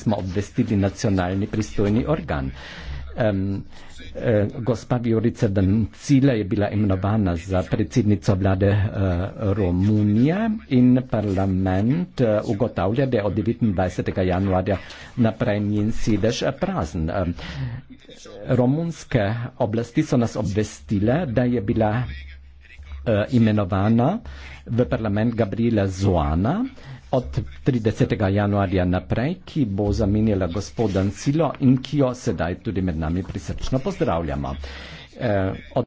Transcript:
smo obvestili nacionalni pristojni organ. Um, eh, gospa Viorica Dancila je bila imenovana za predsednico vlade eh, Romunije in parlament eh, ugotavlja, da je od 29. januarja naprej njen sedež prazen. Eh, romunske oblasti so nas obvestile, da je bila eh, imenovana v parlament Gabriela Zoana od 30. januarja naprej, ki bo zamenjala gospoda Silo in ki jo sedaj tudi med nami prisrčno pozdravljamo. Eh, od